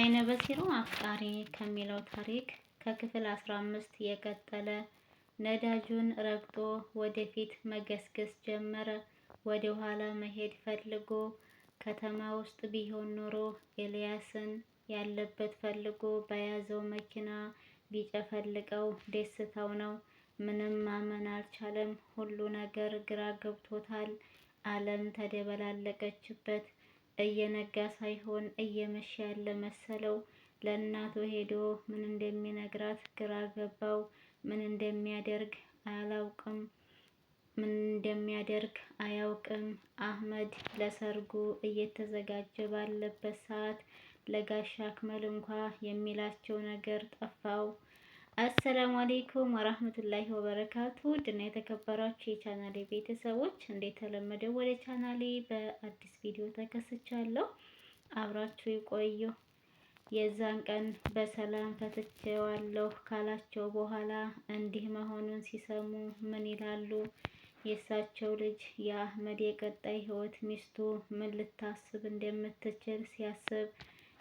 አይነ በሲሮ አፍቃሪ ከሚለው ታሪክ ከክፍል 15 የቀጠለ። ነዳጁን ረግጦ ወደፊት መገስገስ ጀመረ። ወደ ኋላ መሄድ ፈልጎ ከተማ ውስጥ ቢሆን ኖሮ ኤልያስን ያለበት ፈልጎ በያዘው መኪና ቢጨፈልቀው ደስታው ነው። ምንም ማመን አልቻለም። ሁሉ ነገር ግራ ገብቶታል። ዓለም ተደበላለቀችበት። እየነጋ ሳይሆን እየመሸ ያለ መሰለው። ለእናቱ ሄዶ ምን እንደሚነግራት ግራ ገባው። ምን እንደሚያደርግ አያላውቅም ምን እንደሚያደርግ አያውቅም። አህመድ ለሰርጉ እየተዘጋጀ ባለበት ሰዓት ለጋሻ አክመል እንኳ የሚላቸው ነገር ጠፋው። አሰላሙ አሌይኩም ወራህመቱላሂ ወበረካቱ ድና የተከበራችሁ የቻናሌ ቤተሰቦች እንደተለመደው ወደ ቻናሌ በአዲስ ቪዲዮ ተከስቻለሁ። አብራችሁ የቆዩ የዛን ቀን በሰላም ፈትቼዋለሁ ካላቸው በኋላ እንዲህ መሆኑን ሲሰሙ ምን ይላሉ? የእሳቸው ልጅ የአህመድ የቀጣይ ህይወት ሚስቱ ምን ልታስብ እንደምትችል ሲያስብ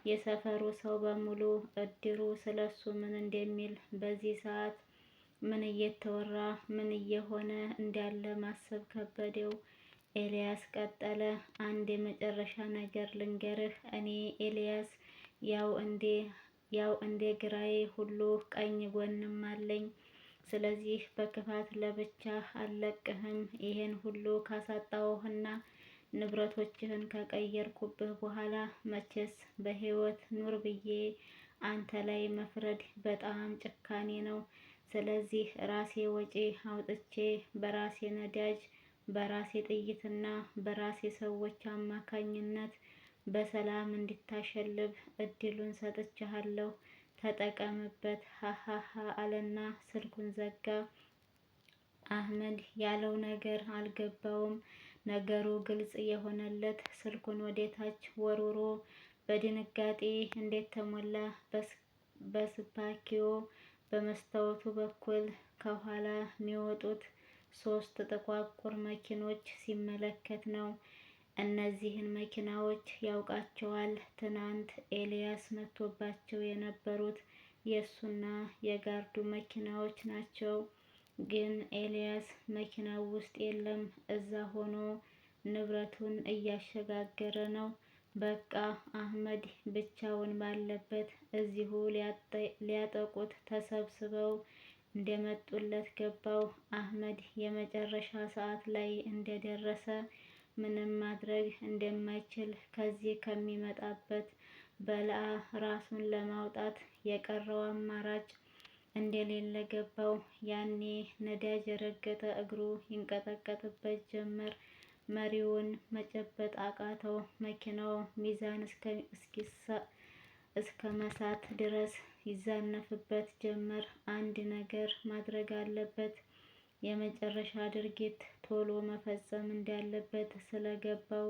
የሰፈሩ ሰው በሙሉ እድሩ ስለሱ ምን እንደሚል በዚህ ሰዓት ምን እየተወራ ምን እየሆነ እንዳለ ማሰብ ከበደው። ኤልያስ ቀጠለ። አንድ የመጨረሻ ነገር ልንገርህ። እኔ ኤልያስ ያው እንዴ ያው እንደ ግራዬ ሁሉ ቀኝ ጎንም አለኝ። ስለዚህ በክፋት ለብቻ አልለቅህም። ይሄን ሁሉ ካሳጣሁህና ንብረቶችህን ከቀየርኩብህ በኋላ መቼስ በሕይወት ኑር ብዬ አንተ ላይ መፍረድ በጣም ጭካኔ ነው። ስለዚህ ራሴ ወጪ አውጥቼ በራሴ ነዳጅ፣ በራሴ ጥይትና በራሴ ሰዎች አማካኝነት በሰላም እንድታሸልብ እድሉን ሰጥቼሃለሁ፣ ተጠቀምበት ሀሀሀ አለና ስልኩን ዘጋ። አህመድ ያለው ነገር አልገባውም። ነገሩ ግልጽ የሆነለት ስልኩን ወደታች ወርውሮ በድንጋጤ እንዴት ተሞላ! በስፓኪዮ በመስታወቱ በኩል ከኋላ የሚወጡት ሶስት ጥቋቁር መኪኖች ሲመለከት ነው። እነዚህን መኪናዎች ያውቃቸዋል። ትናንት ኤልያስ መጥቶባቸው የነበሩት የእሱና የጋርዱ መኪናዎች ናቸው። ግን ኤልያስ መኪናው ውስጥ የለም። እዛ ሆኖ ንብረቱን እያሸጋገረ ነው። በቃ አህመድ ብቻውን ባለበት እዚሁ ሊያጠቁት ተሰብስበው እንደመጡለት ገባው። አህመድ የመጨረሻ ሰዓት ላይ እንደደረሰ ምንም ማድረግ እንደማይችል ከዚህ ከሚመጣበት በልዓ ራሱን ለማውጣት የቀረው አማራጭ እንደሌለ ገባው። ያኔ ነዳጅ የረገጠ እግሩ ይንቀጠቀጥበት ጀመር። መሪውን መጨበጥ አቃተው። መኪናው ሚዛን እስከ መሳት ድረስ ይዛነፍበት ጀመር። አንድ ነገር ማድረግ አለበት። የመጨረሻ ድርጊት ቶሎ መፈጸም እንዳለበት ስለገባው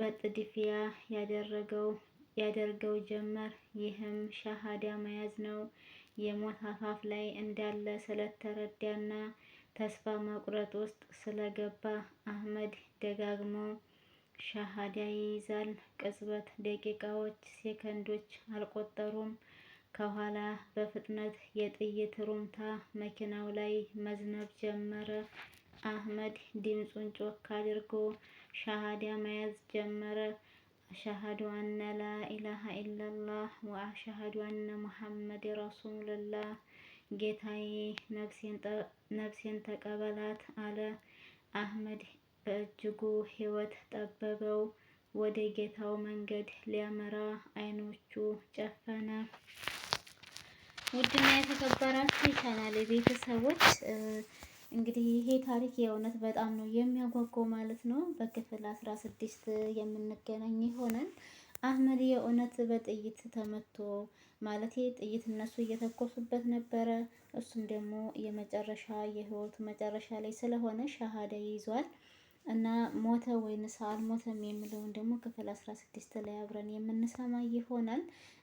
በጥድፊያ ያደረገው ያደርገው ጀመር። ይህም ሻሃዳ መያዝ ነው። የሞት አፋፍ ላይ እንዳለ ስለተረዳና ተስፋ መቁረጥ ውስጥ ስለገባ አህመድ ደጋግሞ ሻሃዳ ይይዛል። ቅጽበት፣ ደቂቃዎች፣ ሴከንዶች አልቆጠሩም። ከኋላ በፍጥነት የጥይት ሩምታ መኪናው ላይ መዝነብ ጀመረ። አህመድ ድምፁን ጮክ አድርጎ ሻሃዳ መያዝ ጀመረ። አሻሃዱ አነ ላኢላሃ ኢላላህ ወአሻሃዱ አነ ሙሐመድ ረሱሉላህ። ጌታዬ ነፍሴን ተቀበላት አለ። አህመድ በእጅጉ ህይወት ጠበበው። ወደ ጌታው መንገድ ሊያመራ አይኖቹ ጨፈነ። ውድና የተከበራችሁ የቻናሌ ቤተሰቦች እንግዲህ ይሄ ታሪክ የእውነት በጣም ነው የሚያጓጓው ማለት ነው። በክፍል አስራ ስድስት የምንገናኝ ይሆናል። አህመድ የእውነት በጥይት ተመቶ ማለት ጥይት እነሱ እየተኮሱበት ነበረ። እሱም ደግሞ የመጨረሻ የህይወቱ መጨረሻ ላይ ስለሆነ ሻሃዳ ይዟል እና ሞተ ወይንስ አልሞተም የሚለውን ደግሞ ክፍል አስራ ስድስት ላይ አብረን የምንሰማ ይሆናል።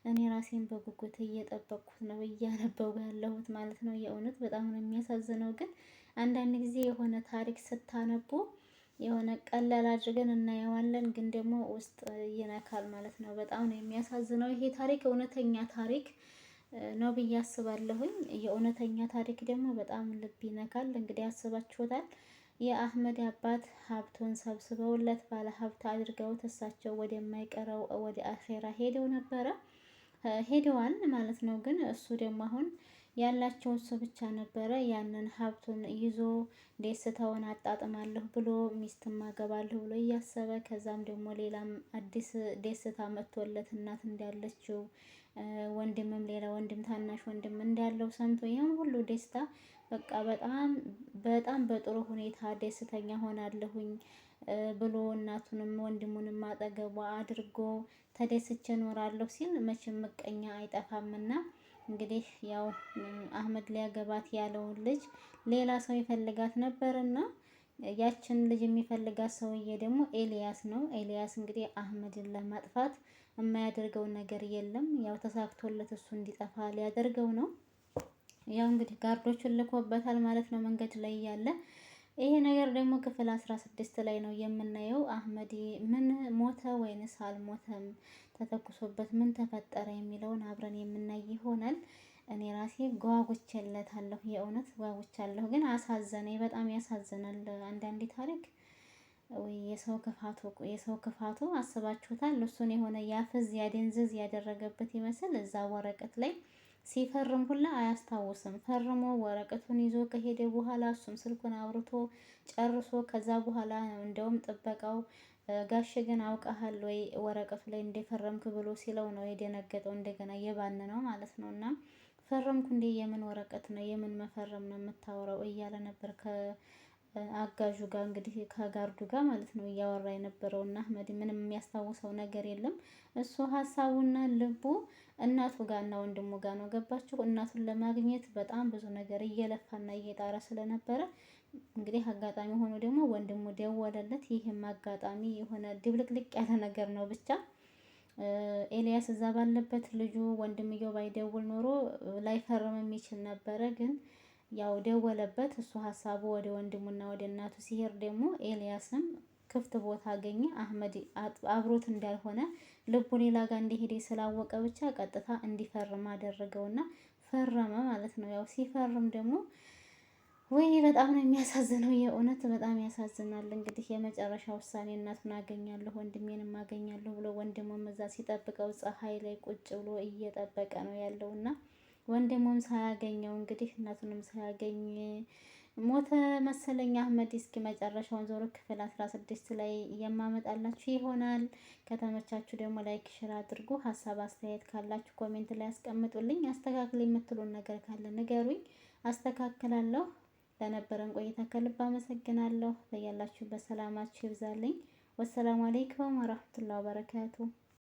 እኔ ራሴን በጉጉት እየጠበቅኩት ነው እያነበቡ ያለሁት ማለት ነው። የእውነት በጣም ነው የሚያሳዝነው ግን አንዳንድ ጊዜ የሆነ ታሪክ ስታነቡ የሆነ ቀለል አድርገን እናየዋለን፣ ግን ደግሞ ውስጥ ይነካል ማለት ነው። በጣም ነው የሚያሳዝነው። ይሄ ታሪክ እውነተኛ ታሪክ ነው ብዬ አስባለሁኝ። የእውነተኛ ታሪክ ደግሞ በጣም ልብ ይነካል። እንግዲህ አስባችሁታል። የአህመድ አባት ሀብቱን ሰብስበውለት ባለ ሀብት አድርገው እሳቸው ወደማይቀረው ወደ አኼራ ሄደው ነበረ ሄደዋል ማለት ነው። ግን እሱ ደግሞ አሁን ያላቸው እሱ ብቻ ነበረ። ያንን ሀብቱን ይዞ ደስታውን አጣጥማለሁ ብሎ ሚስት ማገባለሁ ብሎ እያሰበ ከዛም ደግሞ ሌላም አዲስ ደስታ መጥቶለት እናት እንዳለችው ወንድምም ሌላ ወንድም ታናሽ ወንድም እንዳለው ሰምቶ ይህም ሁሉ ደስታ በቃ በጣም በጣም በጥሩ ሁኔታ ደስተኛ ሆናለሁኝ ብሎ እናቱንም ወንድሙንም አጠገቧ አድርጎ ተደስቼ እኖራለሁ ሲል መቼም ምቀኛ አይጠፋምና እንግዲህ ያው አህመድ ሊያገባት ያለውን ልጅ ሌላ ሰው ይፈልጋት ነበርና ያችን ልጅ የሚፈልጋት ሰውዬ ደግሞ ኤልያስ ነው። ኤልያስ እንግዲህ አህመድን ለማጥፋት የማያደርገው ነገር የለም። ያው ተሳክቶለት እሱ እንዲጠፋ ሊያደርገው ነው። ያው እንግዲህ ጋርዶቹን ልኮበታል ማለት ነው መንገድ ላይ ያለ ይሄ ነገር ደግሞ ክፍል አስራ ስድስት ላይ ነው የምናየው። አህመድ ምን ሞተ ወይንስ አልሞተም፣ ተተኩሶበት ምን ተፈጠረ የሚለውን አብረን የምናይ ይሆናል። እኔ ራሴ ጓጉቼለታለሁ፣ የእውነት ጓጉቻለሁ። ግን አሳዘነ፣ በጣም ያሳዝናል። አንዳንዴ ታሪክ የሰው ክፋቱ የሰው ክፋቱ አስባችሁታል? እሱን የሆነ ያፍዝ ያደንዝዝ ያደረገበት ይመስል እዛ ወረቀት ላይ ሲፈርም ሁላ አያስታውስም። ፈርሞ ወረቀቱን ይዞ ከሄደ በኋላ እሱም ስልኩን አውርቶ ጨርሶ ከዛ በኋላ ነው እንደውም ጥበቃው ጋሽ ግን አውቀሃል ወይ ወረቀቱ ላይ እንደፈረምክ ብሎ ሲለው ነው የደነገጠው። እንደገና የባን ነው ማለት ነው። እና ፈረምኩ እንዴ የምን ወረቀት ነው የምን መፈረም ነው የምታወራው እያለ ነበር ከ አጋዡ ጋር እንግዲህ ከጋርዱ ጋር ማለት ነው እያወራ የነበረው እና አህመድ ምንም የሚያስታውሰው ነገር የለም። እሱ ሀሳቡና ልቡ እናቱ ጋር እና ወንድሙ ጋር ነው። ገባችሁ? እናቱን ለማግኘት በጣም ብዙ ነገር እየለፋና እየጣረ ስለነበረ እንግዲህ አጋጣሚ ሆኖ ደግሞ ወንድሙ ደወለለት። ይህም አጋጣሚ የሆነ ድብልቅልቅ ያለ ነገር ነው ብቻ ኤልያስ እዛ ባለበት ልጁ ወንድምየው ባይደውል ኖሮ ላይፈርም የሚችል ነበረ ግን ያው ደወለበት። እሱ ሀሳቡ ወደ ወንድሙና ወደ እናቱ ሲሄድ ደግሞ ኤልያስም ክፍት ቦታ አገኘ። አህመድ አብሮት እንዳልሆነ ልቡ ሌላ ጋር እንደሄደ ስላወቀ ብቻ ቀጥታ እንዲፈርም አደረገውና ፈረመ ማለት ነው። ያው ሲፈርም ደግሞ ወይ በጣም ነው የሚያሳዝነው። የእውነት በጣም ያሳዝናል። እንግዲህ የመጨረሻ ውሳኔ እናቱን አገኛለሁ ወንድሜንም አገኛለሁ ብሎ ወንድሙም እዛ ሲጠብቀው ፀሐይ ላይ ቁጭ ብሎ እየጠበቀ ነው ያለውና ወንድሙም ሳያገኘው እንግዲህ እናቱንም ሳያገኝ ሞተ መሰለኝ አህመድ። እስኪ መጨረሻውን ዞሮ ክፍል አስራ ስድስት ላይ የማመጣላችሁ ይሆናል። ከተመቻችሁ ደግሞ ላይክ ሽር አድርጉ። ሀሳብ አስተያየት ካላችሁ ኮሜንት ላይ ያስቀምጡልኝ። አስተካክል የምትሉን ነገር ካለ ንገሩኝ፣ አስተካክላለሁ። ለነበረን ቆይታ ከልብ አመሰግናለሁ። በያላችሁበት ሰላማችሁ ይብዛልኝ። ወሰላሙ አሌይኩም ወራህመቱላሂ ወበረካቱሁ።